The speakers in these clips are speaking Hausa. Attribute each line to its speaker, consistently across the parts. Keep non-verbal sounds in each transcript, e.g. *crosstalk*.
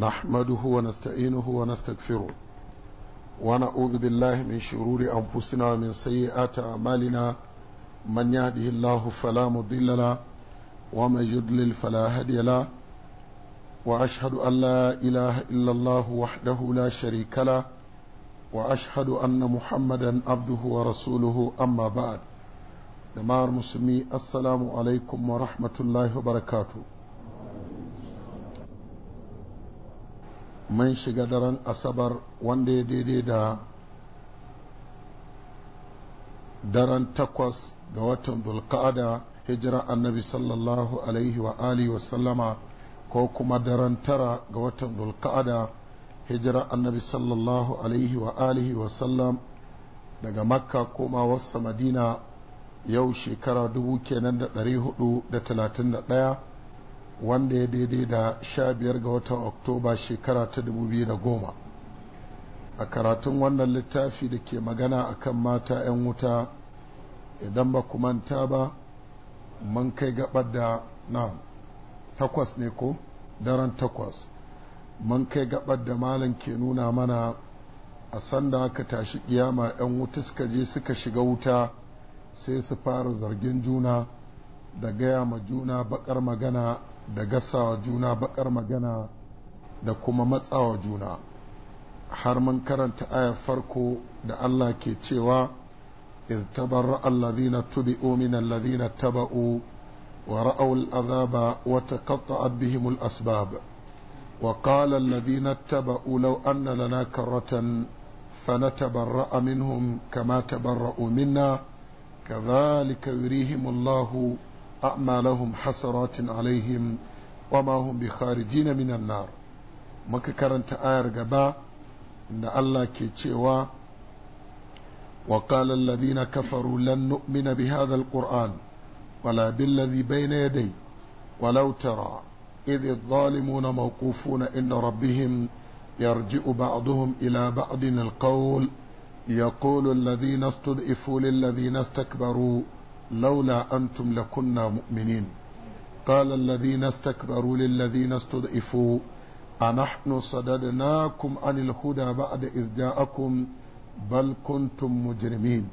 Speaker 1: نحمده ونستعينه ونستغفره ونعوذ بالله من شرور أنفسنا ومن سيئات أعمالنا من يهده الله فلا مضل له ومن يضلل فلا هادي له وأشهد أن لا إله إلا الله وحده لا شريك له وأشهد أن محمدا عبده ورسوله أما بعد jama'ar musulmi assalamu alaikum wa rahmatullahi wa barakatu mun shiga daren asabar wanda ya daidai da daren takwas ga watan dulka'ada hijira annabi sallallahu alaihi wa alihi wa sallama ko kuma daren tara ga watan dulka'ada hijira annabi sallallahu alaihi wa alihi wa sallam daga makka koma wasa madina yau shekara dubu kenan da ɗari hudu da talatin da ɗaya wanda ya daidai da sha biyar ga watan oktoba shekara ta dubu biyu da goma a karatun wannan littafi da ke magana a kan mata 'yan wuta idan ba ku manta ba man kai gabar da na takwas ne ko daren takwas man kai gabar da malam ke nuna mana a sanda aka tashi kiyama 'yan wuta suka je suka shiga wuta sai su fara zargin juna da gaya ma juna bakar magana da gasawa juna bakar magana da kuma matsawa juna har mun karanta ayar farko da Allah ke cewa إذ تبرأ الذين اتبعوا من الذين اتبعوا ورأوا العذاب وتقطعت بهم الأسباب وقال الذين اتبعوا لو أن لنا كرة فنتبرأ منهم كما تبرأوا منا كذلك يريهم الله a'malahum hasaratin alaihim wa ma hum bi kharijin minan nar muka karanta ayar gaba inda Allah ke cewa wa qala alladhina kafaru lan nu'mina bi hadha alquran wala billadhi bayna yadayhi ولو ترى إذ الظالمون موقوفون إن ربهم يرجع بعضهم إلى بعض القول يقول الذين استضعفوا للذين استكبروا لولا أنتم لكنا مؤمنين قال الذين استكبروا للذين استضعفوا أنحن صددناكم عن الهدى بعد إذ جاءكم بل كنتم مجرمين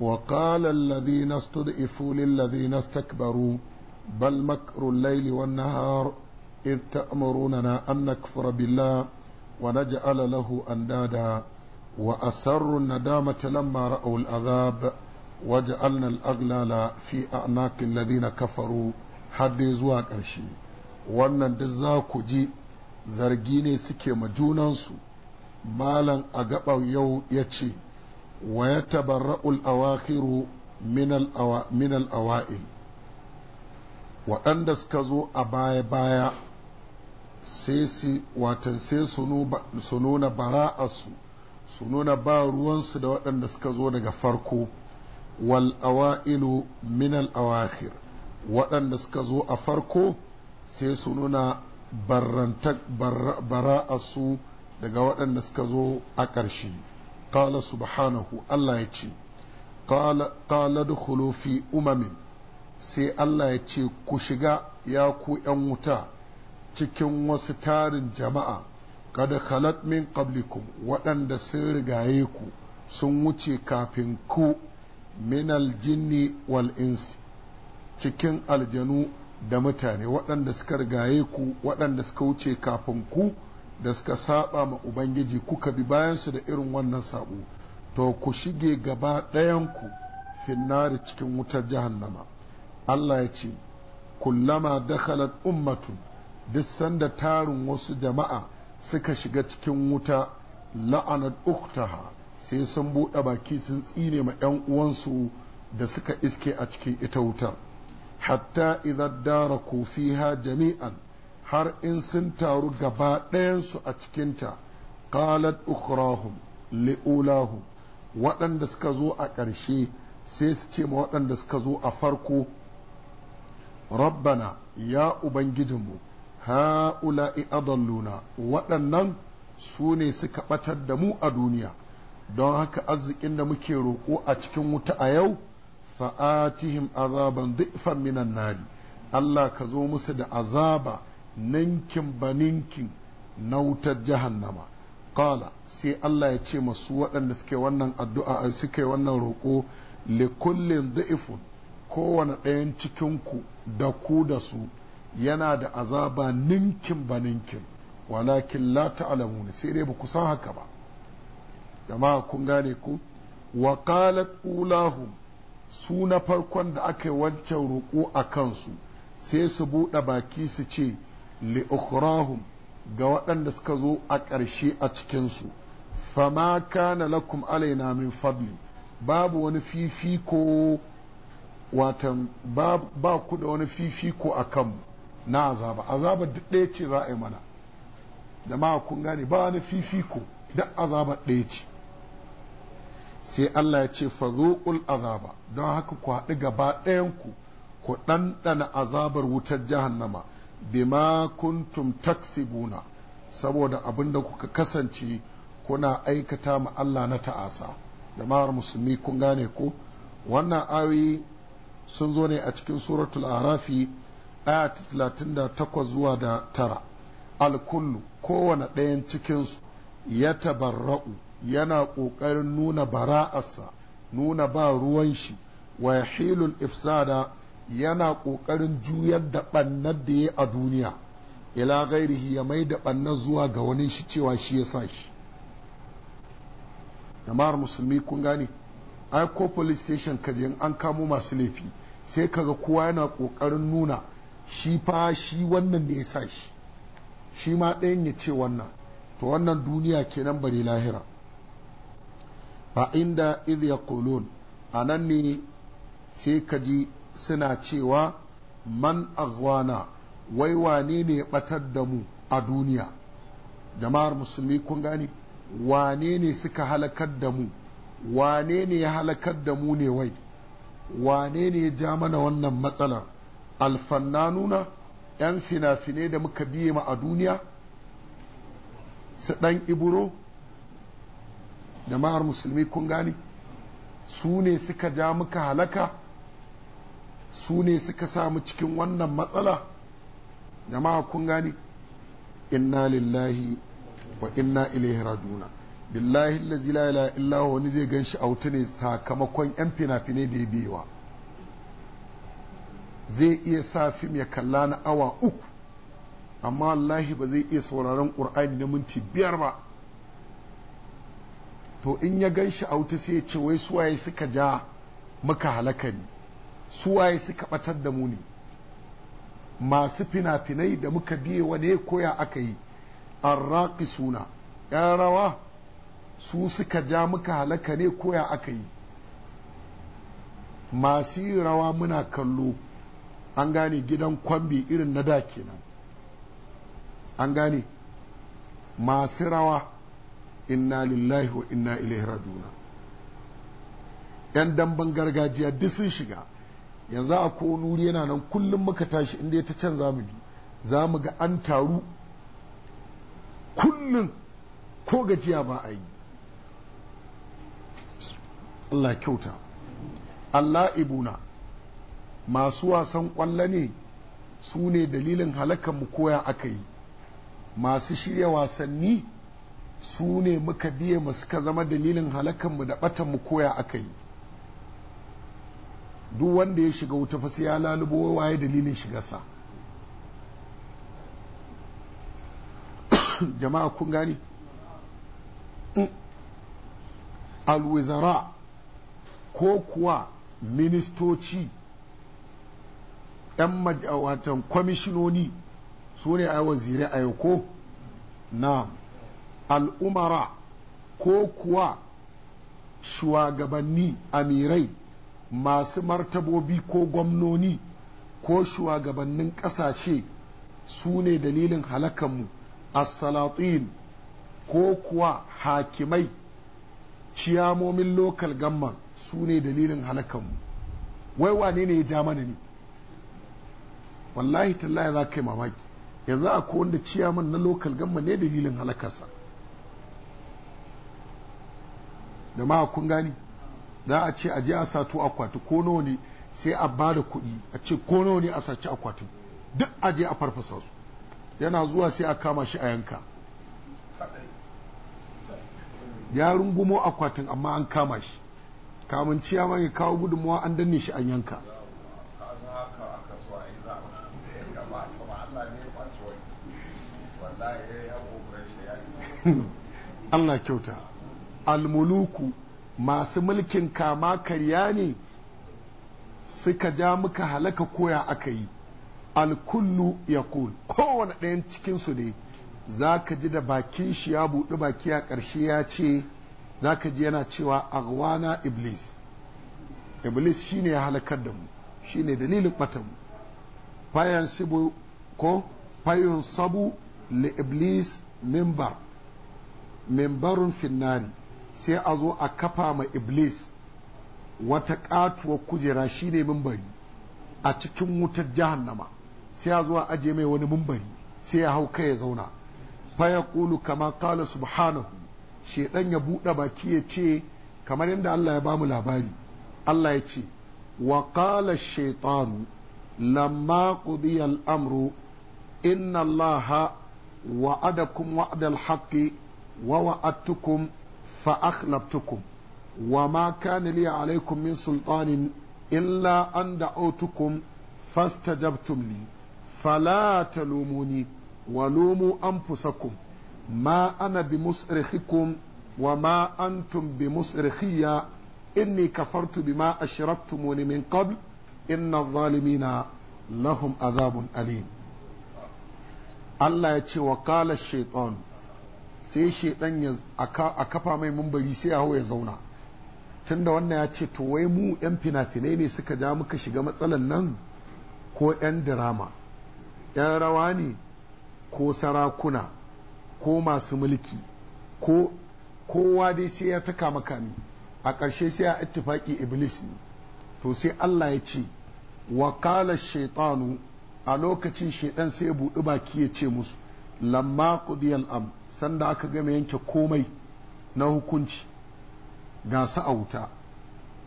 Speaker 1: وقال الذين استضعفوا للذين استكبروا بل مكر الليل والنهار إذ تأمروننا أن نكفر بالله ونجعل له أندادا وأسروا الندامة لما رأوا العذاب waj'alna al-aghlala fi a'naqi na kafaru har dai zuwa ƙarshe wannan duk za ku ji zargi ne suke ma junansu malam a gaban yau ya ce wa ya tabarra'ul awakhiru min al-awa'il waɗanda suka zo a baya-baya sai su watan sai su nuna bara'arsu su nuna ba ruwansu da waɗanda suka zo daga farko wal awa'ilu min al awakhir waɗanda suka zo a farko sai su nuna bara'asu daga waɗanda suka zo a ƙarshe qala subhanahu Allah ya ce qala dukhulu fi umamin sai Allah ya ce ku shiga ya ku ‘yan wuta cikin wasu tarin jama'a kada khalat min qablikum waɗanda sun rigaye ku sun wuce kafin ku min aljinni wal ins cikin aljanu da mutane waɗanda suka rigaye ku waɗanda suka wuce kafin ku da suka saba ma ubangiji kuka bi bayansu da irin wannan sabo to ku shige gaba ɗayanku finnari cikin wutar jahannama Allah ya ce kullama dakhalat ummatu duk sanda tarin wasu jama'a suka shiga cikin wuta la'anat uktaha sai sun buɗe baki sun tsine ma 'yan uwansu da suka iske a cikin ita wutar hatta idan dara ha jami'an har in sun taru gaba ɗayansu a cikin ta qalat ukhrahum li'ulahu waɗanda suka zo a ƙarshe sai su ce ma waɗanda suka zo a farko rabbana ya ubangijinmu ha'ula'i adalluna waɗannan su ne suka ɓatar da mu a duniya don haka arzikin da muke roƙo a cikin wuta a yau fa'atihim azaban dhi'fan minan nari Allah ka zo musu da azaba ninkin baninkin na wutar jahannama qala sai Allah ya ce masu waɗanda suke wannan addu'a suke wannan roƙo likullin dhi'fun kowane ɗayan cikin ku da ku da su yana da azaba ninkin baninkin ninkin walakin la ta'lamuna sai dai ba ku san haka ba jama'a kun gane ku wa qalat ulahum su na farkon da aka yi wancan roƙo a kansu sai su buɗe baki su ce li ga waɗanda suka zo a ƙarshe a cikinsu fama kana lakum alaina min fadli babu wani fifiko watan ba ku da wani fifiko a kanmu na azaba azaba duk ɗaya ce za a yi mana jama'a kun gane ba wani fifiko duk azaba ɗaya ce sai Allah ya ce fazuqul azaba don haka ku haɗu gaba ɗayanku ku ku ɗanɗana azabar wutar jahannama bima kuntum taksibuna saboda abin da kuka kasance kuna aikata ma Allah na ta'asa jama'ar musulmi kun gane ko wannan ayoyi sun zo ne a cikin suratul arafi aya ta talatin da takwas zuwa da tara alkullu kowane ɗayan cikinsu ya tabarra'u yana ƙoƙarin nuna bara'arsa nuna ba ruwan shi wa hilul ifsada yana ƙoƙarin juyar da ɓannar da ya a duniya ila gairihi ya mai da ɓannar zuwa ga wani shi cewa shi ya sa shi jama'ar musulmi kun gane ai ko police station ka je an kamo masu laifi sai kaga kowa yana ƙoƙarin nuna shi fa shi wannan ne ya sa shi shi ma ɗayan ya ce wannan to wannan duniya kenan bare lahira fa inda idh yaqulun anan ne sai ka ji suna cewa man aghwana wai wane ne batar da mu a duniya jama'ar musulmi kun gane wane ne suka halakar da mu wane ne ya halakar da mu ne wai wane ne ya ja mana wannan matsalar alfannanuna 'yan fina-finai da muka biye ma a duniya su ɗan iburo jama'ar musulmi kun gane su ne suka ja muka halaka su ne suka samu cikin wannan matsala jama'a kun gane inna lillahi wa inna ilaihi raduna billahi allazi la ilaha illa wani zai ganshi a wuta ne sakamakon yan fina-finai da ya biyewa zai iya sa fim ya kalla na awa uku amma wallahi ba zai iya sauraron ƙur'ani na minti biyar ba to in ya gan shi a wuta sai ya ce wai suwaye suka ja muka halaka ne suwaye suka batar da mu ne masu fina-finai da muka biye wane koya aka yi arraƙi suna ‘yan rawa su suka ja muka halaka ne koya aka yi masu yi rawa muna kallo an gane gidan kwambi irin na da kenan an gane masu rawa inna lillahi wa inna ilaihi raduna yan damban gargajiya duk sun shiga yanzu a nuri yana nan kullum muka tashi inda ya ta can zamu bi za mu ga an taru kullum ko gajiya ba a yi Allah kyauta Allah ibuna masu wasan ƙwallo ne su ne dalilin halakan mu koya aka yi masu shirya wasanni su ne muka biye mu suka zama dalilin halakanmu da batanmu koya aka yi duk wanda ya shiga wuta fasi ya lalubo waye dalilin shigarsa *coughs* jama'a kun gani alwizara ko kuwa ministoci ‘yan majawatan kwamishinoni su ne a wazirai a yau ko na al'umara ko kuwa shugabanni amirai masu martabobi ko gwamnoni ko shugabannin ƙasashe su ne dalilin halakanmu mu. salatin ko kuwa hakimai ciyamomin lokal gamman su ne dalilin halakanmu wai wane ne ya ja mana ne wallahi tallaya za ka yi mamaki yanzu a wanda ciyaman na lokal gamma ne dalilin halakarsa da ma kun gani za a ce a je a sato akwati ko nawa ne sai a bada kuɗi a ce ko nawa ne a saci akwatin duk a je a farfasa su yana zuwa sai a kama shi a yanka ya rungumo akwatin amma an kama shi kamun ma ya kawo gudunmawa an danne shi an yanka *laughs* Allah kyauta almuluku masu mulkin kama karya ne suka ja muka halaka koya aka yi alkullu ya kul kowane ɗayan cikinsu ne za ka ji da bakin shi ya buɗi baki a ƙarshe ya ce za ka ji yana cewa agwana iblis iblis shi ne ya halakar da mu Shi ne dalilin ɓatan fayan sabu ko fayan sabu li iblis mimbar mimbarun finnari sai a zo a kafa ma iblis wata katuwar kujera shine mimbari a cikin wutar jahannama sai a zo a ajiye mai wani mimbari sai ya hau kai ya zauna fa Kulu kama Kala subhanahu shedan ya bude baki ya ce kamar yadda Allah ya ba mu labari Allah ya ce wa qala shaytanu lamma qudiya al-amru inna allaha wa'adakum wa'dal haqqi wa wa'adtukum fa akhlaftukum wa ma kana li alaikum min sultanin illa an da'utukum fastajabtum li fala talumuni wa lumu anfusakum ma ana bi musrikhikum wa ma antum bi musrikhiyya inni kafartu bima ashraktumuni min qabl inna adh-dhalimina lahum azabun alim Allah ya ce wa qala shaytan sai shaidan ya a kafa mai mumbari sai ya hau ya zauna tunda wannan ya ce to wai mu yan fina-finai ne suka ja muka shiga matsalan nan ko yan dirama yan rawa ne ko sarakuna ko masu mulki ko kowa dai sai ya ta kama kami a ƙarshe sai ya ittifaƙi iblis ne to sai Allah ya ce wakala shaitanu a lokacin shaidan sai ya buɗi baki ya ce musu lamma qudiyal am sanda aka gama yanke komai na hukunci ga su a wuta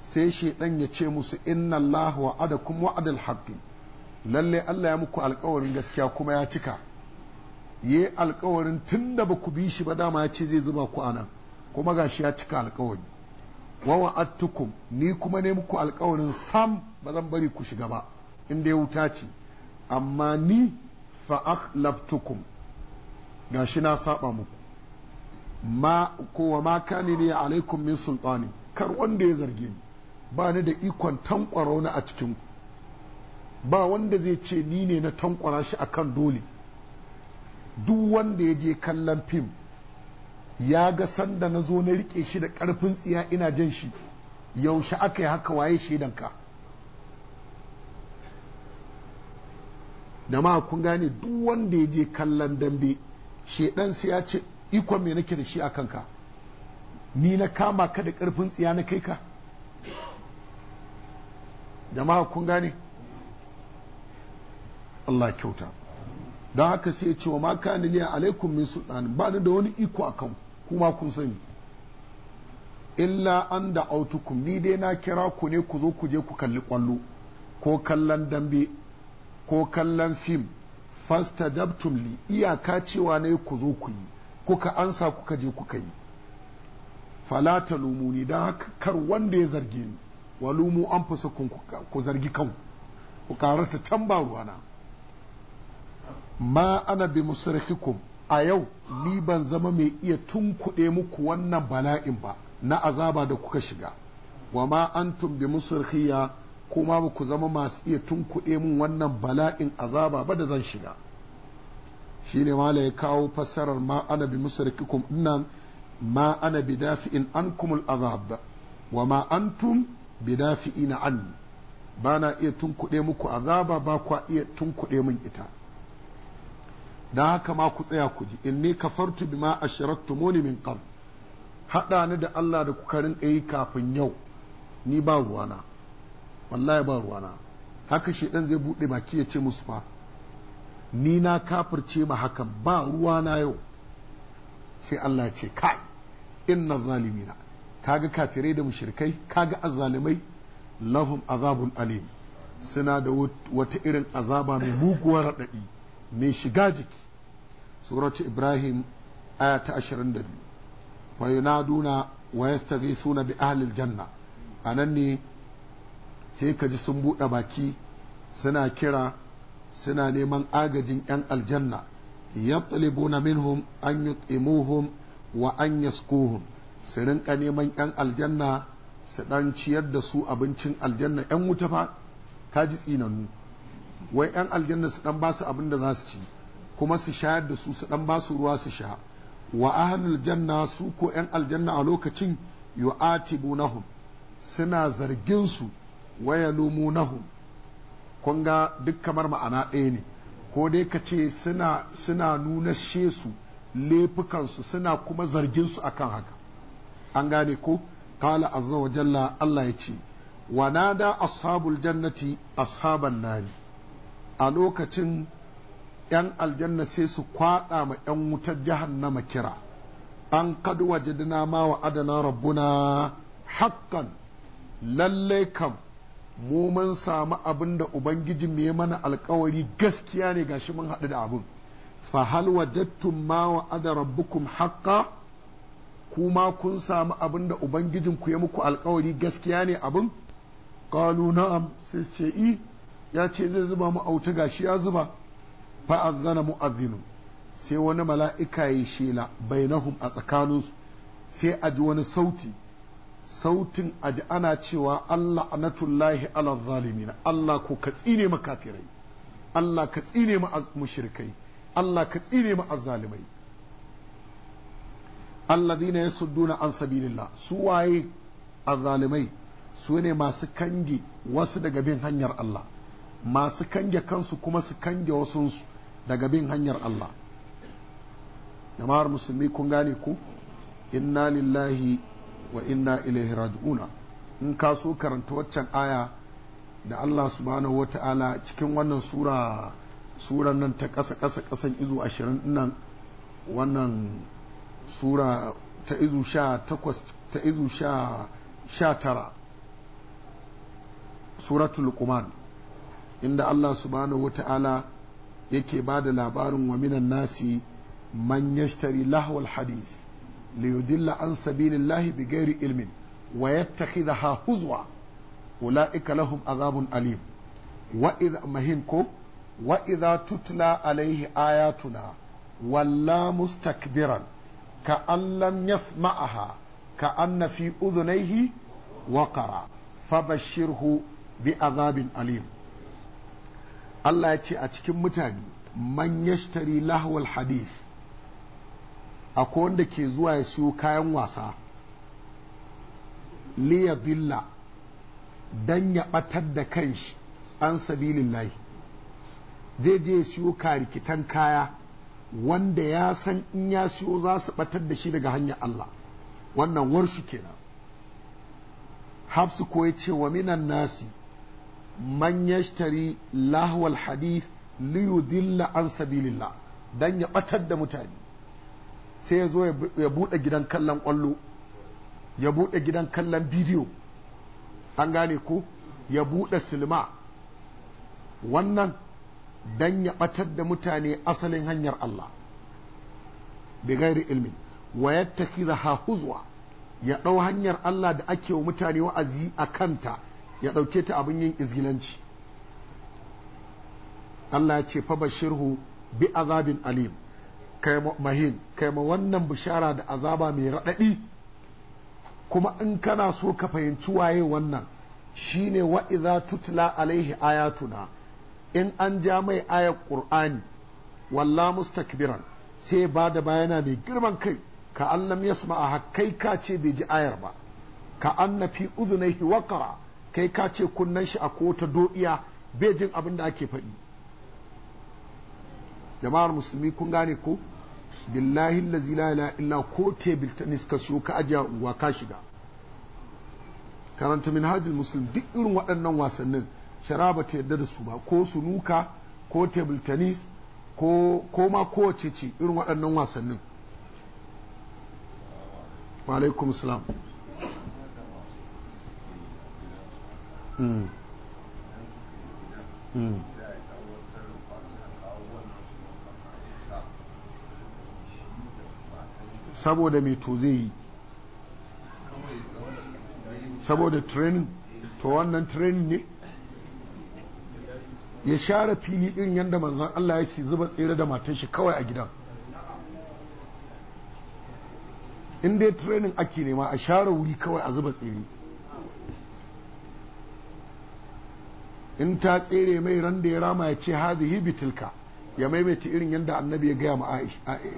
Speaker 1: sai shaidan ya ce musu inna Allah wa'adakum wa'adal haqqi lalle Allah ya muku alkawarin gaskiya kuma ya cika yi alkawarin tunda da ba ku bi shi ba dama ya ce zai zuba ku a nan kuma gashi ya cika alkawari wa wa'adtukum ni kuma ne muku alkawarin sam ba zan bari ku shiga ba Inda ya wuta ce amma ni fa akhlaftukum ga shi na saba muku ma kowa ma kani ne alaikum min sultani kar wanda ya zarge ni ba ni da ikon tankwaro na a cikin ba wanda zai ce ni ne na tankwara shi akan dole duk wanda ya je kallon fim ya ga sanda na zo na rike shi da karfin tsiya ina jan shi yaushe aka yi haka waye shaidanka da ma kun gane duk wanda ya je kallon dambe shedan sai ya ce ikon me nake da shi a kanka ni na kama ka da karfin tsiya na kai ka jama'a kun gane Allah kyauta don haka sai ya ce wa maka ni liya alaikum min sultan ba ni da wani iko a kan kuma kun sani illa an da autukum ni dai na kira ku ne ku zo ku je ku kalli kwallo ko kallon dambe ko kallon fim fastadabtum li iyaka cewa ne ku zo ku yi kuka ansa kuka je kuka yi Falata lumuni dan haka kar wanda ya zarge ni walumu an fusa ku zargi kan ku ta can ba ruwana ma ana bi musarhikum a yau ni ban zama mai iya tunkuɗe muku wannan bala'in ba na azaba da kuka shiga wa ma antum bi musarhiya kuma ba ku zama masu iya tunkuɗe min wannan bala'in azaba ba da zan shiga shi ne mala ya kawo fassarar ma ana bi musarikikum dinnan ma ana bi dafi'in an kumul azab wa ma antum bi dafi'ina an ba na iya tunkuɗe muku azaba ba kwa iya tunkuɗe min ita da haka ma ku tsaya ku ji in inni kafartu bima ashraktumuni min qabl hada ni da Allah da kuka rinka yi kafin yau ni ba ruwana wallahi ba ruwana haka shedan zai buɗe baki ya ce musu fa ni na kafirce ma hakan ba ruwana yau sai Allah ya ce kai inna zalimina kaga kafirai da mushrikai kaga azzalimai lahum azabun alim suna da wata irin azaba mai muguwar raɗaɗi mai shiga jiki suratu ibrahim aya ta 22 fa yunaduna wa yastaghithuna bi ahli aljanna anan ne sai ka ji sun buɗe baki suna kira suna neman agajin 'yan aljanna na minhum an yut'imuhum wa an yaskuhum su rinka neman 'yan aljanna su ɗan ciyar da su abincin aljanna 'yan wuta fa ka ji tsinanu wai 'yan aljanna su ɗan ba su abin da za su ci kuma su shayar da su su ɗan ba ruwa su sha wa ahlul janna su ko 'yan aljanna a lokacin yu'atibunahum suna zargin su wa nahu kun ga duk kamar ma'ana ɗaya ne ko dai ka ce suna suna nuna shesu laifukansu suna kuma zarginsu akan haka an gane ko kala azza wa jalla Allah ya ce wa da ashabul jannati ashaban nari a lokacin ‘yan aljanna sai su kwaɗa ma ‘yan wutar jahannama kira, an kadu wajidina ma wa adana rabbuna Hakan. lallai kam mu mun samu abin da ubangiji mai mana alkawari gaskiya ne gashi mun haɗu da abin fa hal wajadtum ma wa'ada rabbukum haqqa kuma kun samu abin da ubangijin ku ya muku alkawari gaskiya ne abin qalu na'am sai ce i eh, ya ce zai zuba mu auta gashi ya zuba fa azana mu'adhdhinu sai wani mala'ika ya shela bainahum a tsakaninsu sai a ji wani sauti sautin aji ana cewa Allah anatullahi ala zalimina Allah ko ka tsine ma kafirai Allah ka tsine ma mushrikai Allah ka tsine ma azzalimai alladhina yasudduna an sabilillah su waye azzalimai su ne masu kange wasu daga bin hanyar Allah masu kange kansu kuma su kange wasu daga bin hanyar Allah jama'ar musulmi kun gane ku inna lillahi wa inna ilaihi raji'una in ka so karanta waccan aya da Allah subhanahu wata'ala cikin wannan sura suran nan ta ƙasa ƙasa ƙasan izu ashirin nan wannan sura ta izu sha takwas ta izu sha sha tara suratul luqman inda Allah subhanahu wata'ala yake ba da labarin wa minan nasi man yashtari lahwal hadith ليدل عن سبيل الله بغير علم ويتخذها هزوا أولئك لهم عذاب أليم وإذا مهنكو وإذا تتلى عليه آياتنا ولا مستكبرا كأن لم يسمعها كأن في أذنيه وقرا فبشره بعذاب أليم الله يتي أتكم متاني من يشتري لهو الحديث akwai wanda ke zuwa ya siyo kayan wasa liya billa don ya batar da kanshi an sabilin layi zai je ya siyo karikitan kaya wanda ya san in ya siyo za su batar da shi daga hanyar Allah wannan warshi kenan hafsu ko ya ce wa minan nasi man yashtari lahwal hadith liyudilla an sabilillah dan ya batar da mutane sai ya zo ya buɗe gidan kallon ƙwallo ya buɗe gidan kallon bidiyo an gane ko ya buɗe silma wannan dan ya ɓatar da mutane asalin hanyar Allah bi gairi ilmin wa yattakhidha ha huzwa ya ɗau hanyar Allah da ake wa mutane wa'azi a kanta ya ɗauke ta abin yin izgilanci Allah ya ce fa bashirhu bi azabin alim kai mahin kai ma wannan bishara da azaba mai raɗaɗi kuma in kana so ka fahimci waye wannan shine wa iza tutla alaihi ayatuna in an ja mai ayar qur'ani walla mustakbiran sai ba da bayana mai girman kai ka allam yasma kai ka ce bai ji ayar ba ka anna fi udhunayhi waqara kai ka ce kunnen shi a kota do'iya bai jin abin da ake faɗi jama'ar musulmi kun gane ko billahi lazi la ila illa ko table tennis ka siyo ka ajiya unguwa ka shiga karanta minhajul muslim duk irin waɗannan wasannin shara bata ta yarda da su ba ko sunuka ko table tennis ko ko ma kowace ce irin waɗannan wasannin wa alaikum mm. mm. saboda mai to zai yi saboda training to wannan training ne ya share fili irin yadda manzan Allah ya si zuba tsere da matan shi kawai a gidan in dai training ake nema a share wuri kawai a zuba tsere in ta tsere mai ran da ya rama ya ce hazihi bitilka ya maimaita irin yadda annabi ya gaya ma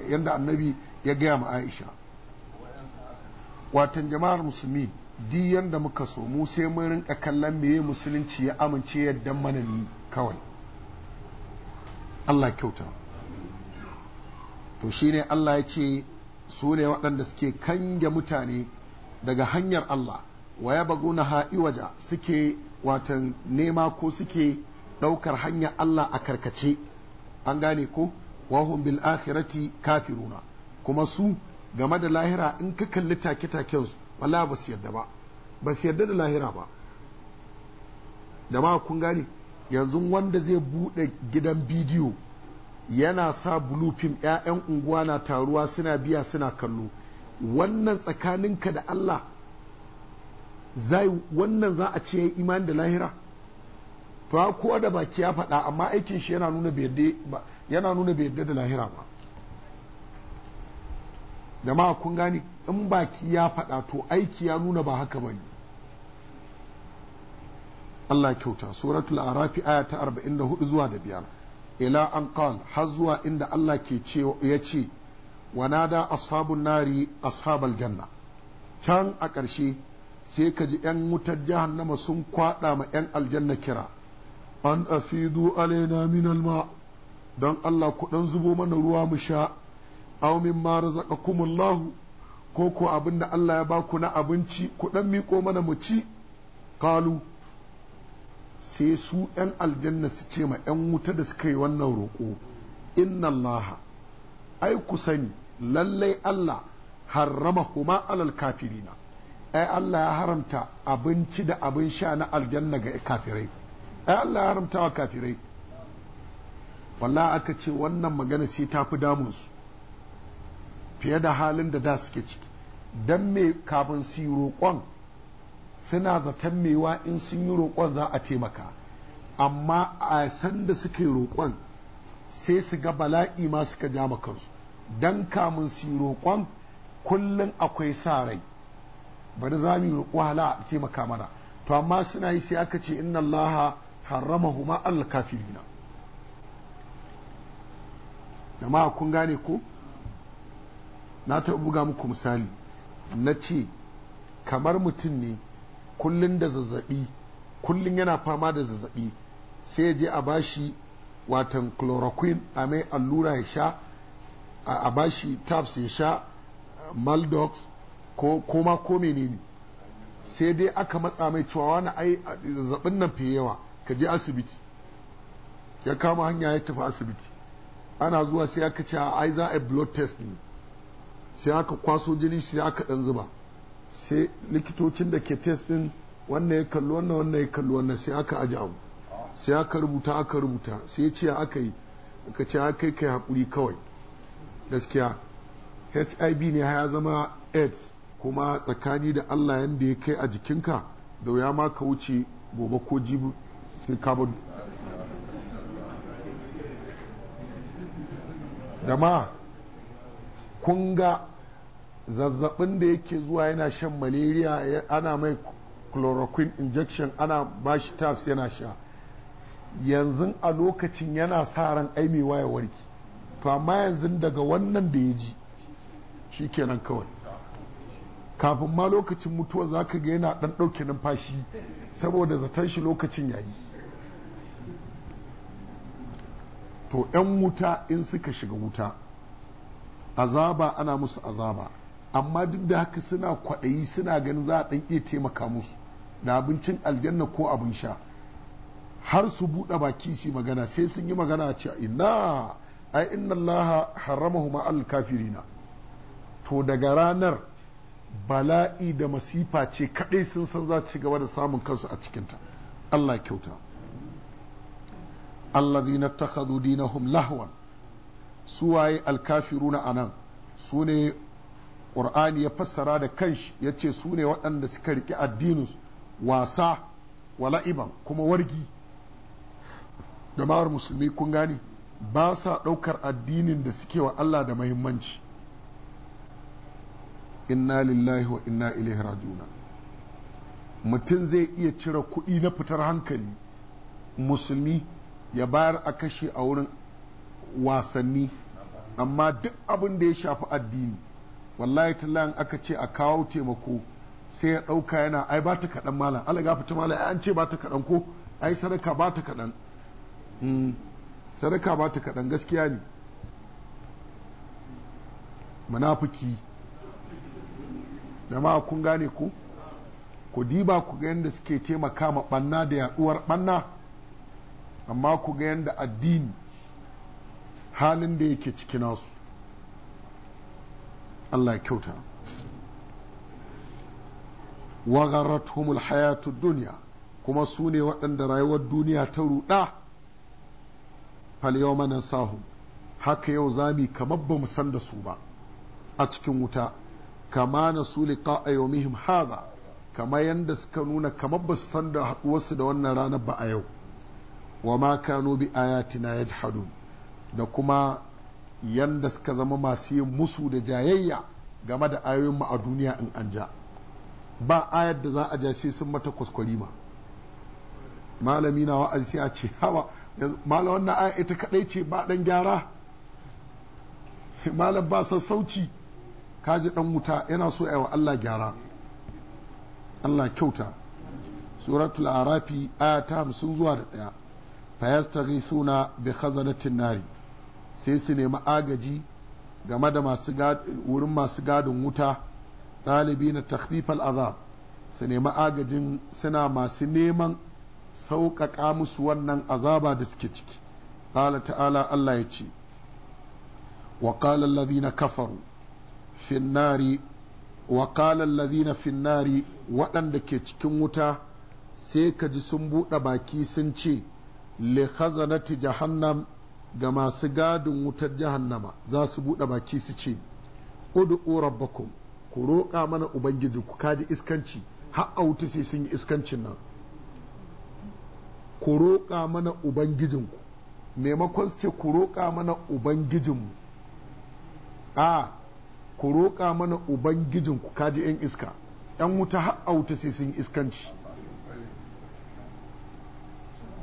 Speaker 1: yadda annabi ya gaya ma aisha watan jama'ar musulmi di yanda muka so mu sai mun rinka kallon ya musulunci ya amince yadda mana ni kawai Allah kyauta to shine Allah ya ce su ne waɗanda suke kange mutane daga hanyar Allah wa ya baguna ha'iwaja suke watan nema ko suke ɗaukar hanyar Allah a karkace an gane ko wahun bil akhirati kafiruna kuma su game da lahira in ka kalli take-taken su wala ba su yadda ba ba su yadda da lahira ba da ma kun gane yanzu wanda zai bude gidan bidiyo yana sa bulufin 'ya'yan unguwa na taruwa suna biya suna kallo wannan tsakaninka da Allah zai wannan za a ce ya imani da lahira fa ko da baki ya faɗa amma aikin shi yana nuna yana nuna bai yadda da lahira ba jama'a kun gani in baki ya faɗa to aiki ya nuna ba haka bane Allah kyauta suratul arafi aya ta 44 zuwa da biyar ila an qal har zuwa inda Allah ke ce ya ce wanada ashabun nari ashabal janna can a ƙarshe sai ka ji 'yan wutar jahannama sun kwaɗa ma 'yan aljanna kira an afidu alaina min alma don Allah ku ɗan zubo mana ruwa mu sha aw mimma razaqakumullahu ko ko abin Allah ya baku na abinci ku dan miko mana mu ci qalu sai su ‘yan aljanna su ce ma ‘yan wuta da suka yi wannan roƙo, inna Allah, ai ku sani, lallai Allah harrama kuma alal kafirina, ai Allah ya haramta abinci da abin sha na aljanna ga kafirai, ai Allah ya haramta wa kafirai. wallahi aka ce wannan magana sai ta fi damunsu, fiye da halin da da suke ciki don me kafin su yi roƙon suna zaton mewa in sun yi roƙon za a taimaka amma a sanda suka yi roƙon sai su ga bala'i ma suka ja kansu don kamun su yi roƙon kullum akwai sa rai bari za mu yi roƙo hala a taimaka mana to amma suna yi sai aka ce inna huma harramahuma al kafirina jama'a kun gane ko na taɓa buga muku misali na ce kamar mutum ne kullum da zazzabi kullum yana fama da zazzabi sai ya je a bashi watan chloroquine a mai allura ya sha a bashi tabs ya sha maldox ko koma ko menene sai dai aka matsa mai cewa wani ai zazzabin nan fi yawa ka je asibiti ya kama hanya ya tafi asibiti ana zuwa sai aka ce ai za a blood test ne sai aka kwaso jini sai aka dan zuba sai likitocin da ke test din wannan ya kalli wannan wannan ya kalli wannan sai aka aji abu sai aka rubuta aka rubuta sai ya ce aka yi aka ce aka yi kai haƙuri kawai gaskiya hiv ne ya zama aids kuma tsakani da allah yadda ya kai a jikinka da wuya ma ka wuce gobe ko jibu sai ka da ma kun ga zazzabin da yake zuwa yana shan malaria ana mai chloroquine injection ana bashi taps yana sha yanzu a lokacin yana sa ran aimewa ya warki to amma yanzu daga wannan da ya ji shi kenan kawai kafin ma lokacin mutuwa za ka ga yana ɗan ɗauke numfashi saboda zaton shi lokacin yayi to 'yan wuta in suka shiga wuta azaba ana musu azaba amma duk da haka suna kwaɗayi suna ganin za a ɗan iya taimaka musu da abincin aljanna ko abin sha har su buɗe baki su magana sai sun yi magana a ce ina ai inna allaha haramahu ma'al kafirina to daga ranar bala'i da masifa ce kaɗai sun san za ci gaba da samun kansu a cikinta Allah kyauta allazina takhadhu dinahum lahwan suwaye alkafiruna anan ne. ƙur'ani ya fassara da kanshi ya ce su ne waɗanda suka riƙe addinus wasa la'iban kuma wargi jama'ar musulmi kun gane ba sa ɗaukar addinin da suke wa Allah da mahimmanci inna lillahi wa inna ilaihi rajiuna mutum zai iya cire kuɗi na fitar hankali musulmi ya bayar a kashe a wurin wasanni amma duk abin da ya shafi addini wallahi an aka ce a kawo taimako sai ya ɗauka yana ai ba ta kaɗan malam Allah gafa ta malam an ce ba ta kaɗan ko ai sadaka ba ta kaɗan hmm. sadaka ba ta kaɗan gaskiya ne munafiki jama'a kun gane ku ku diba ku ga yadda suke taimaka ma ɓanna da yaɗuwar ɓanna amma ku ga yadda addini halin da yake ciki nasu Allah ya kyauta wa gharratuhumul hayatud dunya kuma su ne waɗanda rayuwar duniya ta ruɗa fal yawma haka yau zami kamar ba mu san da su ba a cikin wuta kama na su liqa'a yawmihim hadha kama yanda suka nuna kamar ba su san da haɗuwarsu da wannan ranar ba a yau wa ma kanu bi ayatina yajhadun da kuma yanda suka zama masu yin musu da jayayya game da ayoyinmu a duniya in an ja ba ayar da za a ja sai sun mata ma malami na wa'azi sai a ce hawa malam wannan aya ita kadai ce ba dan gyara malam ba sauci kaji dan wuta yana so wa Allah gyara Allah kyauta suratul arafi aya ta 50 zuwa da daya fayastaghithuna bi khazanatin nari sai su nemi agaji game da wurin masu gadin wuta ɗalibi na takfifal azab su nemi agajin suna masu neman sauƙaƙa musu wannan azaba da suke ciki ƙala ta'ala Allah ya ce wa ƙala na kafaru finnari wa ƙala finnari waɗanda ke cikin wuta sai ka ji sun buɗe baki sun ce li khazanati jahannam ga masu gadin wutar jahannama za su buɗe baki su ce ud'u rabbakum ku roƙa mana ubangiji ku kaji iskanci har a wuta sai sun yi iskancin nan ku roƙa mana ubangijinku maimakon su ce ku roƙa mana mu, a ku roƙa mana ubangijin ku kaji 'yan iska 'yan wuta har a wuta sai sun yi iskanci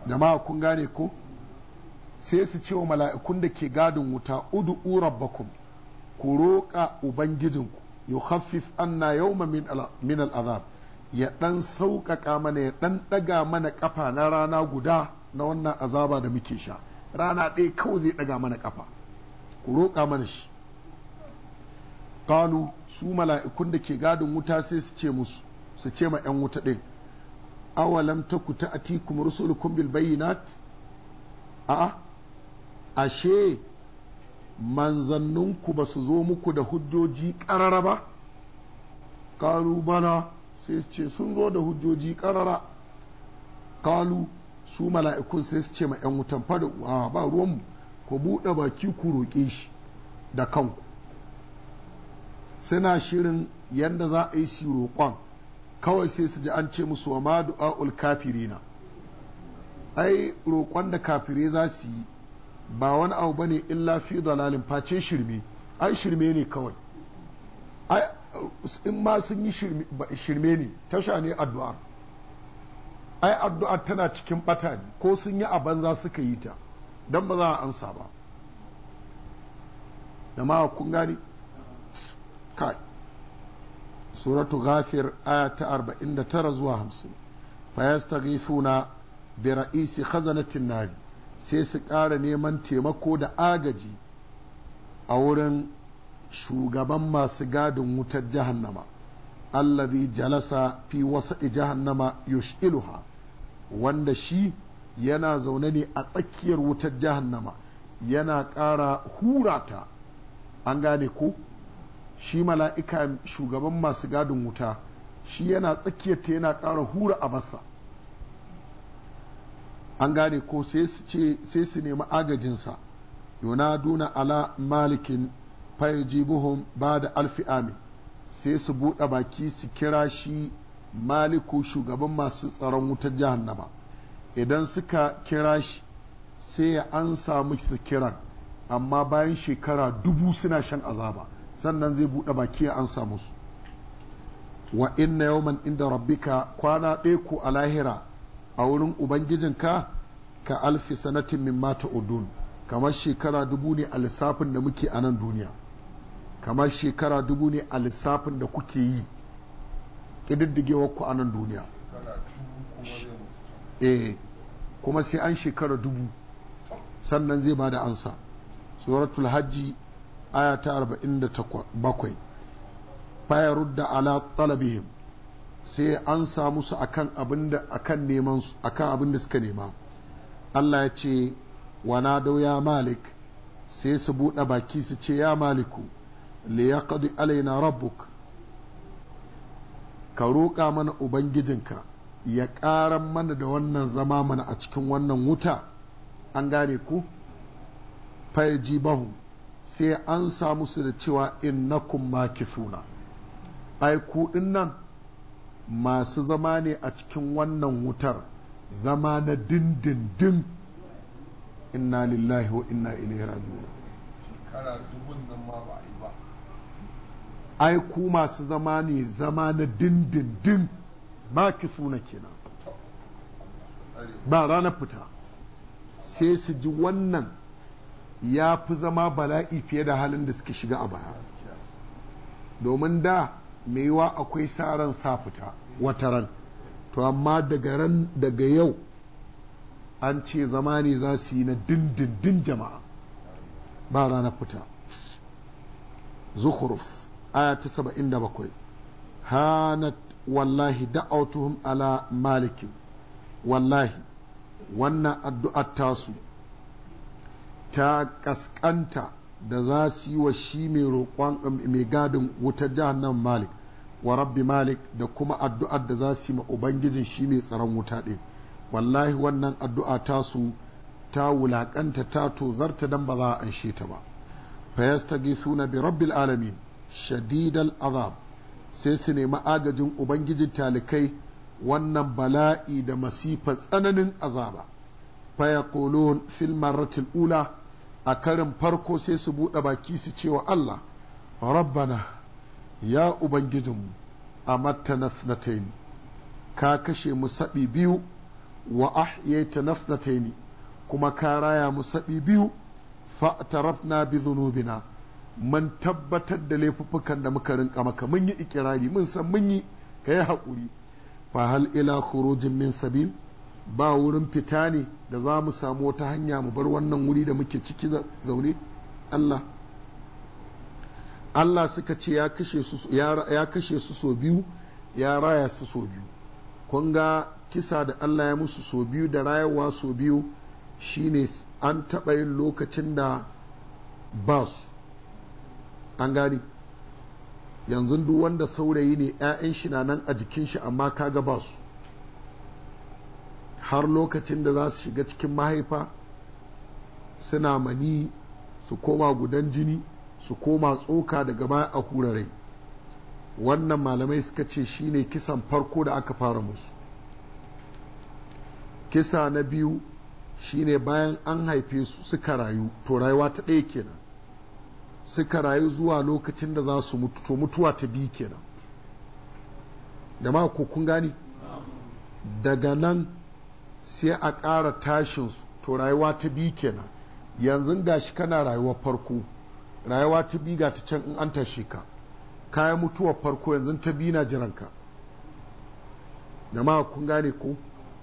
Speaker 1: jama'a kun gane ko sai su ce wa mala'ikun da ke gadin wuta ud'u rabbakum ku roƙa ubangijinku na anna yawma min al'azab ya ɗan sauƙaƙa mana ya ɗan ɗaga mana ƙafa na rana guda na wannan azaba da muke sha rana ɗaya kawai zai ɗaga mana ƙafa ku roƙa mana shi kalu su mala'ikun da ke gadin wuta sai su ce musu su ce ma 'yan wuta ɗin awalam ta ku ta atikum rusulukum bil bayyinat a'a ashe manzanninku ba su zo muku da hujjoji ƙarara ba kalu bala sai su ce sun zo da hujjoji ƙarara kalu su mala'ikun sai su ce ma 'yan wutan fada a ba ruwanmu ku buɗe baki ku roƙe shi da kanku suna shirin yadda za a yi su roƙon kawai sai su ji an ce musu wa ma du'a'ul kafirina ai roƙon da kafire za su yi ba wani abu ba ne illa fi dalalin face shirme ai shirme ne kawai ai in ma sun yi shirme ne tasha ne addu'a ai addu'a tana cikin bata ne ko sun yi a banza suka yi ta don ba za a ansa ba da ma kun gani kai suratu ghafir aya ta 49 zuwa 50 fa yastaghifuna bi ra'isi khazanatin nari sai su ƙara neman taimako da agaji a wurin shugaban masu gadin wutar jahannama allazi jalasa fi wasa'i jahannama yush'iluha wanda shi yana zaune ne a tsakiyar wutar jahannama yana ƙara hurata an gane ko shi mala'ika shugaban masu gadin wuta shi yana tsakiyarta yana ƙara hura a masa. an gane ko sai su sai su nemi agajinsa yunaduna ala malikin fayajibuhum ba da alfi sai su buɗe baki su kira shi maliku shugaban masu tsaron wutar jahannama idan suka kira shi sai ya an samu su kiran amma bayan shekara dubu suna shan azaba sannan zai buɗe baki ya an samu su wa inna yawman inda rabbika kwana ɗaya ko a lahira a wurin ubangijinka ka alfi sanatin min mata udun kamar shekara dubu ne a lissafin da muke a nan duniya kamar shekara dubu ne a lissafin da kuke yi ƙididdigewar ku a nan duniya eh kuma sai an shekara dubu sannan zai ba da ansa suratul hajji aya ta 47 fa yarudda ala talabihim sai an samu su akan abin da abin da suka nema Allah ya ce wana dau ya malik sai su buɗe baki su ce ya maliku li yaqdi alaina rabbuk ka roƙa mana ubangijinka ya ƙaran mana da wannan zama mana a cikin wannan wuta an gane ku fayaji bahu sai an sa musu da cewa In na innakum makithuna ai ku nan masu zama ne a cikin wannan wutar zama na dindindin inna lillahi wa inna ilaihi raji'un ai ku masu zama ne zama na dindindin ba ki suna kenan ba ranar fita sai su ji wannan ya fi zama bala'i fiye da halin da suke shiga a baya domin da maiwa akwai saran sa fita wata ran to amma daga ran daga yau an ce zama ne za su yi na dindindin jama'a ba ranar fita zukuruf aya ta saba'in da bakwai hanat wallahi da'autuhum ala malikin wallahi wannan addu'ar tasu ta kaskanta da za su yi wa shi mai roƙon mai gadin wutar nan malik wa rabbi malik da kuma addu'ar da za su yi ma ubangijin shi ne tsaron wuta ɗin wallahi wannan addu'a ta su ta wulaƙanta ta tozarta dan ba za a anshe ta ba fayastagisuna bi rabbil alamin shadidal azab sai su nemi agajin ubangijin talikai wannan bala'i da masifa tsananin azaba fayaqulun filmar ratin ula a karin farko sai su buɗe baki su ce wa Allah rabbana ya ubangijinmu a matanasnataini ka kashe mu saɓi biyu wa ahyaita nasnataini kuma ka raya mu saɓi biyu fa'tarafna bi zunubina mun tabbatar da laifuffukan da muka rinka maka mun yi ikirari mun san mun yi ka yi haƙuri fa hal ila khurujin min sabil ba wurin fita ne da za mu samu wata hanya mu bar wannan wuri da muke ciki zaune Allah Allah suka ce ya kashe su so biyu ya raya su so biyu kun ga kisa da Allah ya musu so biyu da rayuwa so biyu shine an taɓa yin lokacin da ba su an gani yanzu duk wanda saurayi ne 'ya'yan shi na nan a jikin shi amma kaga ba su har lokacin da za su shiga cikin mahaifa suna mani su koma gudan jini su koma tsoka daga baya a hurare, wannan malamai suka ce shine kisan farko da aka fara musu kisa na biyu shine bayan an haife su suka rayu to rayuwa ta ɗaya kenan suka rayu zuwa lokacin da za su mutu to mutuwa ta biyu kenan jama'a ko kun gani daga nan sai a ƙara tashinsu to rayuwa ta biyu kenan yanzu gashi kana rayuwar farko rayuwa ta biyu ga ta can in an tashe ka kayan mutuwar farko yanzu ta biyu na jiranka jama'a kun gane ko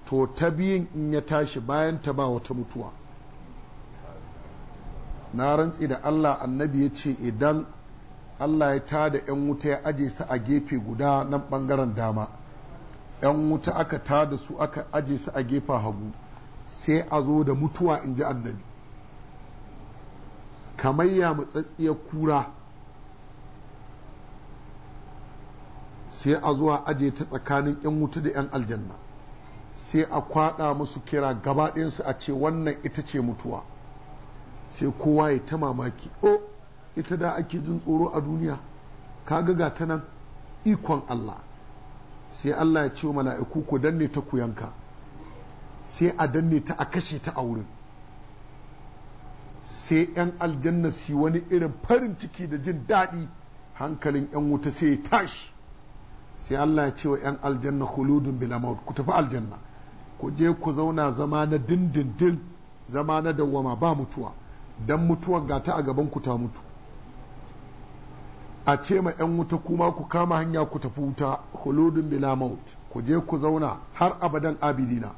Speaker 1: to ta biyin in ya tashi bayan ta ba wata mutuwa na rantsi da Allah annabi ya ce idan Allah ya ta da 'yan wuta ya aje su a gefe guda nan bangaren dama 'yan wuta aka ta da su aka aje su a gefen hagu sai a zo da mutuwa in ji annabi kamar ya mutsatsiyar kura sai a zuwa aje ta tsakanin 'yan wuta da 'yan aljanna sai a kwaɗa musu kira gaba su a ce wannan ita ce mutuwa sai kowa ya ta mamaki o ita da ake jin tsoro a duniya kaga ga ta nan ikon Allah sai Allah ya ce mala'iku ku danne ta ku yanka sai a danne ta a kashe ta a wurin sai 'yan aljanna su wani irin farin ciki da jin daɗi hankalin 'yan wuta sai ya tashi sai Allah ya ce wa 'yan aljanna khuludun bila maut ku tafi aljanna ku je ku zauna zama na dindindin zama na dawwama ba mutuwa dan mutuwa ga ta a gaban ku ta mutu a ce ma 'yan wuta kuma ku kama hanya ku tafi wuta khuludun bila maut ku je ku zauna har abadan abidina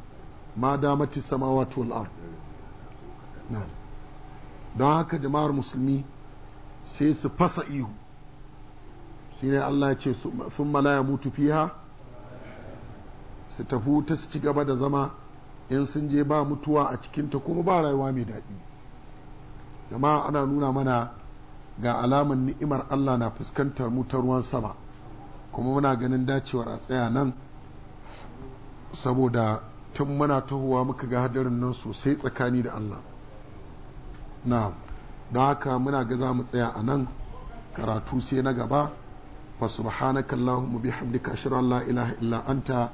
Speaker 1: ma damati samawati wal ard na'am don haka jama'ar musulmi sai su fasa ihu shi ne Allah ya ce sun ya mutu fiha su tafi ta su ci gaba da zama in sun je ba mutuwa a cikinta kuma ba rayuwa mai daɗi jama'a ana nuna mana ga alamar ni'imar Allah na fuskantar mu ta ruwan sama kuma muna ganin dacewar a tsaya nan saboda tun muna tahowa muka ga hadarin nan sosai tsakani da Allah na'am don haka muna ga za mu tsaya a nan karatu sai na gaba fa subhanaka allahumma bihamdika ashhadu an la ilaha illa anta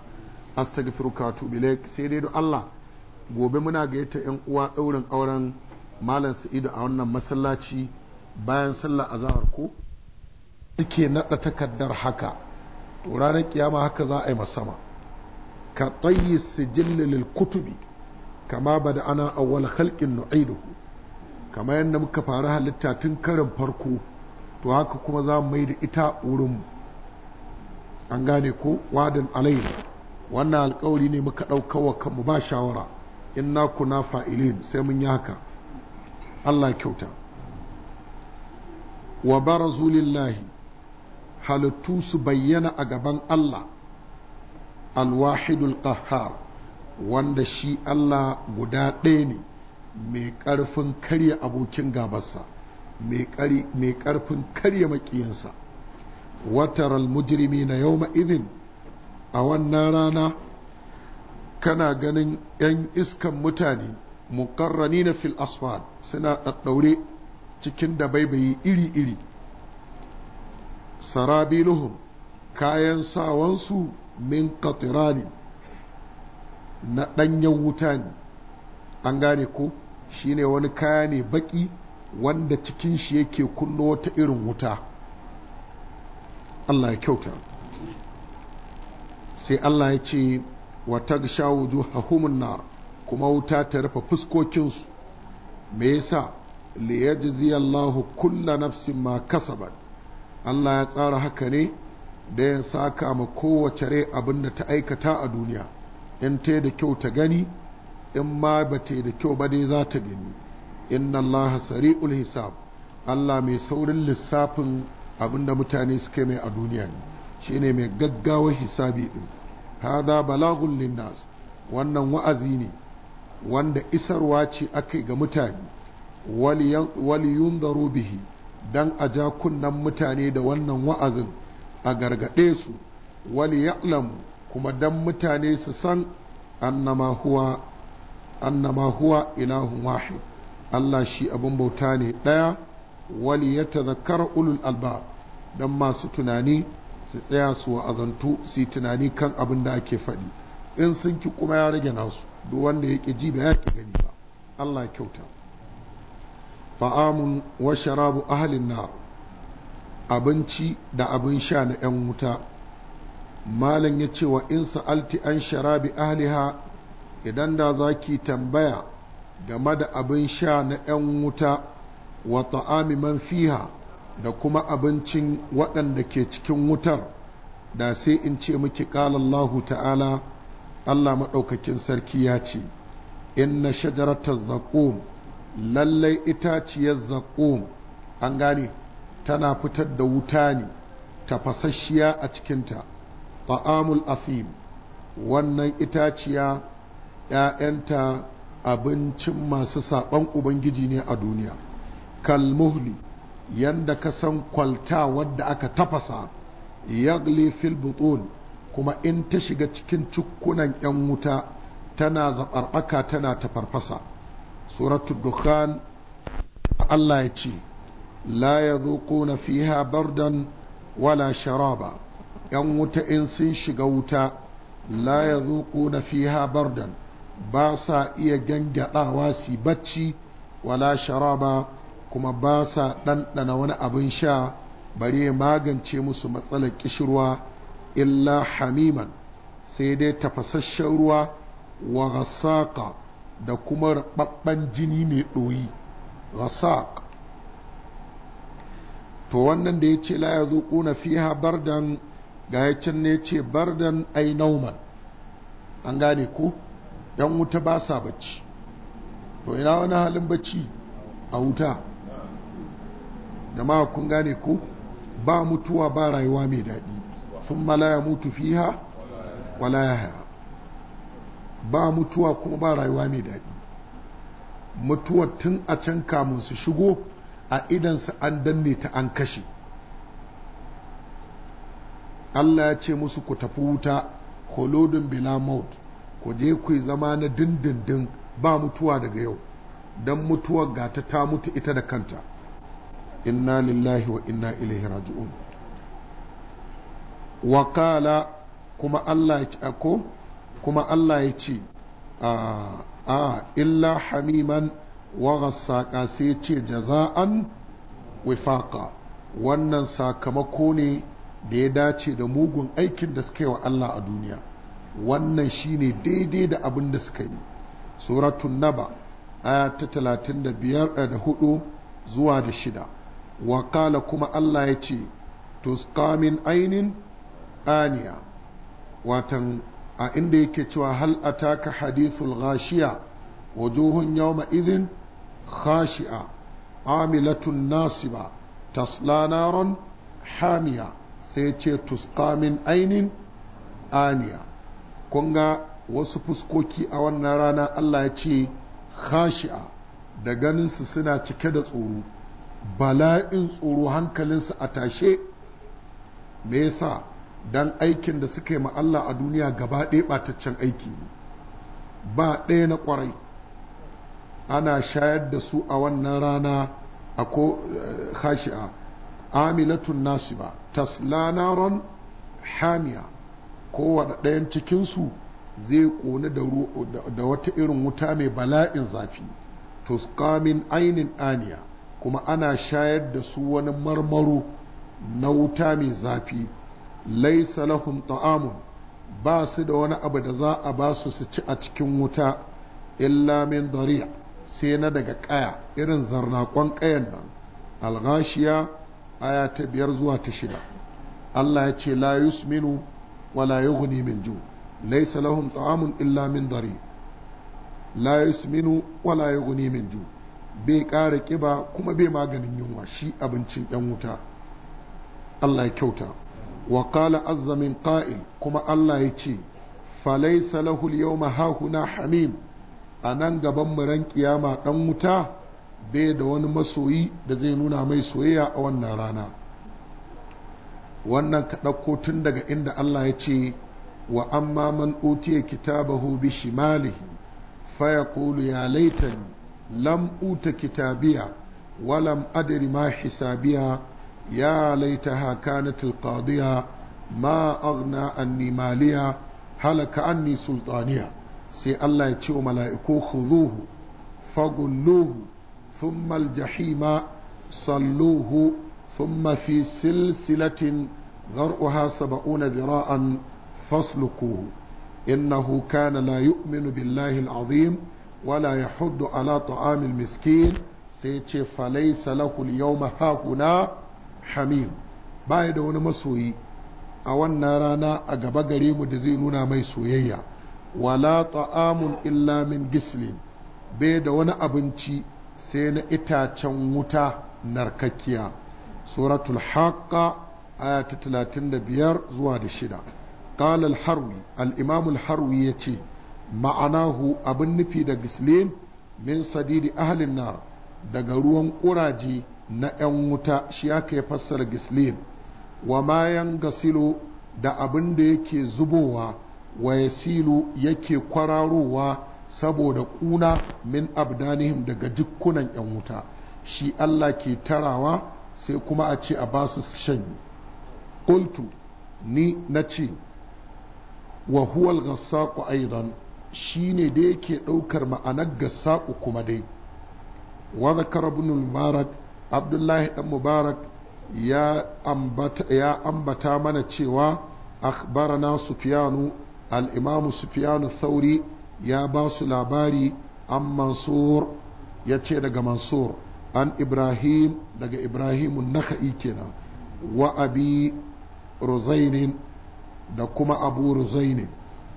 Speaker 1: astaghfiruka wa atubu ilaik sai dai don Allah gobe muna gayyata yan uwa ɗaurin auren malam Sa'idu a wannan masallaci bayan sallar azahar ko suke naɗa takardar haka to ranar kiyama haka za a yi masama ka tsayi sijillil kutubi kama bada ana awwal khalqin nu'iduhu kamar yadda muka fara halitta tun karin farko to haka kuma za mu mai da ita wurin an gane ko wadin alaina wannan alkawari ne muka ɗauka wa kanmu ba shawara in na kuna fa'ilin sai mun yi haka Allah kyauta wa barazulillahi lillahi halittu su bayyana a gaban Allah alwahidul qahhar wanda shi Allah guda ɗaya ne mai ƙarfin karya abokin gabarsa mai ƙarfin karya maƙiyansa wataral mujrimi na yau maizin a wannan rana kana ganin 'yan iskan mutane mukarrani na fil asfad suna ɗaɗɗaure cikin da baibayi iri-iri sarabiluhum kayan sawansu min katirani na ɗanyen wuta ne an gane ko shine wani kaya ne baki wanda cikin shi yake kunno wata irin wuta Allah ya kyauta sai Allah ya ce wa tagsha wujuhahum na kuma wuta ta rufe fuskokinsu me yasa li yajzi kulla nafsin ma kasabat Allah ya tsara haka ne da ya saka ma kowace rai abin da ta aikata a duniya in ta da kyau ta gani in ma ba ta da kyau ba dai za ta gani inna allaha sari'ul hisab allah mai saurin lissafin abin da mutane suka mai a duniya ne shine mai gaggawa hisabi din hada balagun linnas wannan wa'azi ne wanda isarwa ce aka ga mutane wali yunzaru bihi dan a ja kunnan mutane da wannan wa'azin a gargaɗe su wali ya'lamu kuma dan mutane su san annama huwa annama huwa ilahun wahid Allah shi abin bauta ne ɗaya wali ya tazakkara ulul alba don masu tunani su tsaya su wa'azantu su yi tunani kan abin da ake faɗi in sun ki kuma ya rage nasu duk wanda ya ƙi ji ba ya ƙi gani ba Allah kyauta fa'amun wa sharabu ahalin na abinci da abin sha na ‘yan wuta malam ya ce wa in sa'alti an sharabi ahliha idan da za ki tambaya game da abin sha na ‘yan wuta wa ta'ami man fiha da kuma abincin waɗanda ke cikin wutar da sai in ce miki ƙalallahu ta'ala Allah maɗaukakin sarki ya ce In inna shajaratar zaƙum lallai itaciyar zaƙum an gane tana fitar da wuta ne tafasasshiya a cikinta ta'amul asim wannan itaciya ‘ya'yanta abincin masu saɓan Ubangiji ne a duniya, kalmuhli yanda ka san kwalta wadda aka tafasa, yagli fil kuma in ta shiga cikin cukkunan ‘yan wuta tana zaɓarɓaka tana tafarfasa. Suratul Dukhan Allah ya ce, La ya na fiha bardan wala sharaba, ‘yan wuta in sun shiga wuta, la ya na fiha bardan. ba sa iya gangadawa su bacci wala sharaba kuma ba sa ɗanɗana wani abin sha bari ya magance musu matsalar kishirwa illa hamiman sai dai tafasasshen ruwa wa rasaka da kuma rababban jini mai ɗoyi rasak to wannan da ya ce la ya zuƙuna fiha bardan ga ya can ne ce bardan ai nauman an gane ko yan wuta ba sa bacci to ina wani halin bacci a wuta da ma kun gane ko ba mutuwa ba rayuwa mai daɗi sun malaya mutu fiha walaya ya ba mutuwa kuma ba rayuwa mai daɗi mutuwa tun a can kamun su shigo a idansu an danne ta an kashe Allah ya ce musu ku tafi wuta kolodin bila maut ku je ku zama na dindindin ba mutuwa daga yau don mutuwar gata ta mutu ita da kanta inna lillahi wa inna ilaihi raji'un wakala kuma Allah ya ci ako kuma Allah ya ce a illa hamiman wa saƙa sai ya ce jaza'an wifaqa wannan sakamako ne da ya dace da mugun aikin da suka yi wa Allah a duniya wannan shine daidai da abin da suka yi suratun naba aya ta talatin da biyar eh, da hudu zuwa da shida wakala kuma Allah ya ce tuskamin ainin aniya watan a inda yake cewa hal ataka hadithul ghashiya wujuhun yawma izin khashi'a amilatun nasiba tasla naron hamiya sai ce tuskamin ainin aniya kun ga wasu fuskoki a wannan rana Allah ya ce khashi'a da ganinsu suna cike da tsoro bala'in tsoro hankalinsu a tashe me yasa dan aikin da suka yi ma Allah a duniya gaba ɗaya ɓataccen aiki ba ɗaya na ƙwarai ana shayar da su a wannan rana a ko eh, khashi'a amilatun nasiba tasla naron hamiya kowane ɗayan cikinsu zai ƙone da wata irin wuta mai bala'in zafi tuskamin ainin aniya kuma ana shayar da su wani marmaro na wuta mai zafi laisa lahum ta'amun ba su da wani abu da za a ba su su ci a cikin wuta illa min dariya sai na daga ƙaya irin zarnakon ƙayan nan alghashiya aya ta biyar zuwa ta shida Allah ya ce la yusminu ولا يغني من جوع ليس لهم طعام إلا من ضريع لا يسمن ولا يغني من جوع bai ƙara ƙiba kuma bai maganin yunwa shi abincin ‘yan wuta Allah ya kyauta wa qala azza kuma Allah ya ce falaysa lahu al-yawma hahuna hamim nan gaban mu ran kiyama dan wuta bai da wani masoyi da zai nuna mai soyayya a wannan rana wannan ka ɗauko tun daga inda Allah ya ce wa amma man utiya kitabahu bi shimalihi fa yaqulu ya laitani lam uta kitabiya walam adri ma hisabiya ya laitaha kanat alqadiya ma aghna anni maliya halaka anni sultaniya sai Allah ya ce wa mala'iku khuduhu fagulluhu thumma aljahima salluhu ثم في سلسلة ذرعها سبعون ذراعا فاسلكوه إنه كان لا يؤمن بالله العظيم ولا يحض على طعام المسكين سيتي فليس له اليوم هاهنا حميم باي da wani masoyi a wannan rana a gaba gare da zai nuna mai soyayya wala ta'amun illa min gislin bai da wani abinci sai na itacen wuta narkakkiya suratul haqqa aya ta talatin da biyar zuwa da shida al imam al harwi yace ma'anahu abin nufi da gislin min sadidi ahli nar daga ruwan ƙuraje na 'yan wuta shi aka yi fassara gislin wa mayan gasilo da abin da yake zubowa wa yasilu yake kwararowa saboda ƙuna min abdanihim daga jikkunan 'yan wuta shi Allah ke tarawa sai kuma a ce a ba su shanyi ƙultu ni na ce wa huwal gassaku aidan shi ne da yake ɗaukar ma'anar gassaku kuma dai wa zakar mubarak abdullahi Ɗan mubarak ya ambata mana cewa akhbarana sufyanu al-imamu sufyanu sauri ya ba su labari an mansur ya ce daga mansur an ibrahim daga ibrahim naka'i kenan wa abi ruzainin da kuma abu ruzainin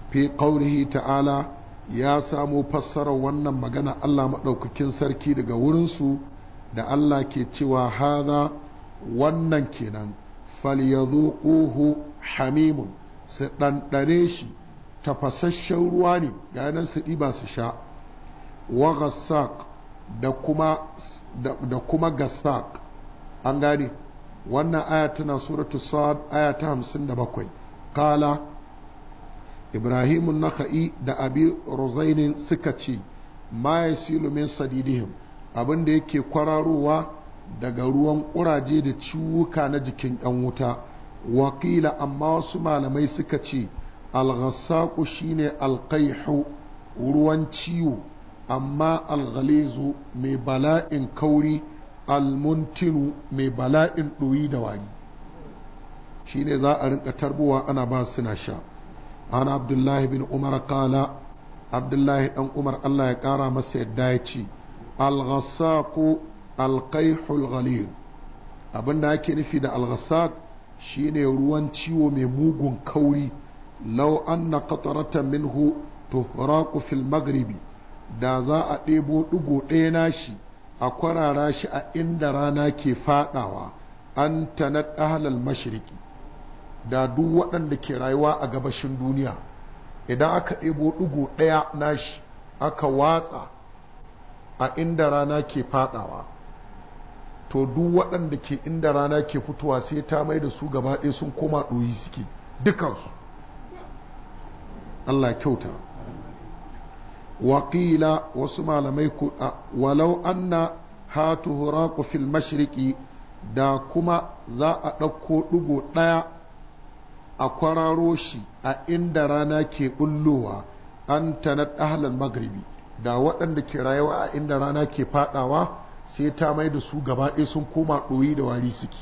Speaker 1: fi qaulihi ta'ala ya samo fassarar wannan magana Allah maɗaukakin sarki daga wurinsu da Allah ke cewa haza wannan kenan falyazuquhu hamimun su ɗanɗane shi tafasasshen ruwa ne yanan su ɗiba su sha wa da kuma da kuma gasaq an gane wannan aya tana suratu sa'ad aya ta hamsin da bakwai kala ibrahim naka'i da abi ruzain suka ce ma yasilu min sadidihim abin da yake kwararowa daga ruwan ƙuraje da ciwuka na jikin ɗan wuta wakila amma wasu malamai suka ce alghassaku shine alqaihu ruwan ciwo amma alghalizu mai bala'in kauri almuntinu mai bala'in ɗoyi da wani shine za a rinka tarbuwa ana ba na sha ana abdullahi bin umar kala abdullahi dan umar allah ya kara masa yadda ya ce alghasaqu alkaihul ghalil abinda ake nufi da shi shine ruwan ciwo mai mugun kauri lau an qataratan minhu tuhraqu fil magribi da za a ɗebo ɗigo ɗaya nashi a kwarara shi a inda rana ke faɗawa an tanar ɗahalar mashiriki da duk waɗanda ke rayuwa a gabashin duniya idan aka ɗebo ɗigo ɗaya nashi aka watsa a inda rana ke faɗawa to duk waɗanda ke inda rana ke fitowa sai ta mai da su gaba ɗaya sun koma ɗoyi suke dukansu Allah kyauta Wakila wasu malamai walau anna hatu huraku fil mashriqi da kuma za a ɗauko ɗugo ɗaya a kwararo shi a inda rana ke ɓullowa an tanat ahlan magribi da waɗanda ke rayuwa a inda rana ke faɗawa sai ta mai da su gaba ɗaya sun koma ɗoyi da wari suke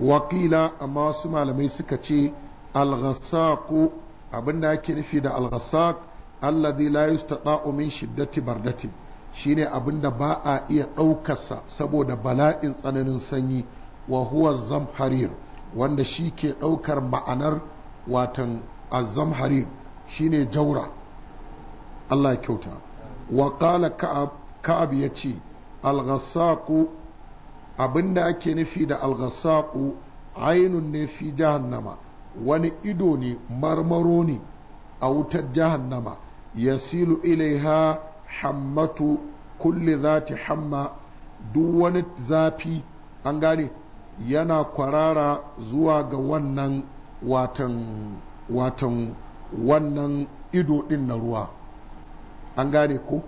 Speaker 1: Wakila amma wasu malamai suka ce alghasaku abinda ake nufi da alghasaq allazi alladhi la yustata'u min shiddati bardatin shine abinda ba a iya ɗaukarsa saboda bala'in tsananin sanyi wa huwa zamharir wanda shi ke ɗaukar ma'anar watan azamharir shine jaura Allah kyauta wa qala ka'ab ka'ab yace al abinda ake nufi da al ainun ne fi jahannama wani ido ne marmaro ne a wutar jahannama yasilu ilaiha hammatu za ta hamma duk wani zafi an gane yana kwarara zuwa ga wannan watan watan wannan ido din na ruwa an gane ko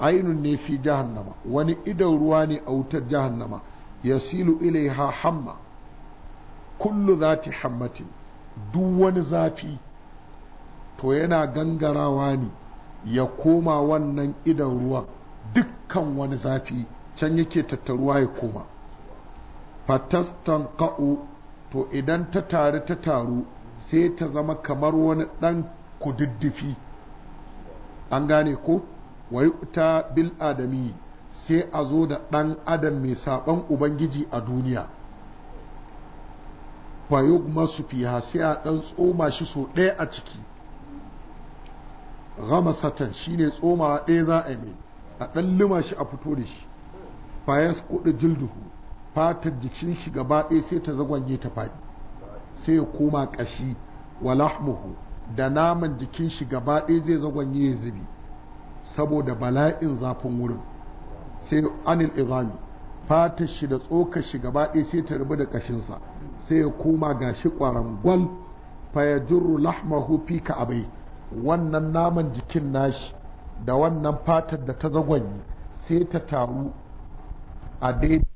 Speaker 1: ainun ne fi jahannama wani idon ruwa ne a wutar jahannama ilai ilaiha hamma kullu ta hammatin duk wani zafi to yana gangarawa ne ya koma wannan idan ruwan dukkan wani zafi can yake tattaruwa ya koma fatastan ka'u to idan ta taru ta taru sai ta zama kamar wani ɗan kududdufi an gane ko wai ta bil adami sai a zo da ɗan adam mai saɓan ubangiji a duniya fayug masu fiha sai a ɗan tsoma shi so ɗaya a ciki gama satan shi ne tsomawa ɗaya za a yi mai a ɗan lima shi a fito da shi fayas kuɗi jilduhu fatar jikin shi gaba ɗaya sai ta zagwanye ta faɗi sai ya koma ƙashi wa lahmuhu da naman jikin shi gaba ɗaya zai zagwanye ya zubi saboda bala'in zafin wurin sai anil izami fatar shi da tsokar shi gaba ɗaya sai ta rubu da ƙashinsa sai ya koma ga gashi kwarangwal fayajurru lahmahu fi abai wannan naman jikin nashi da wannan fatar da ta zagwanyi sai ta taru a daidai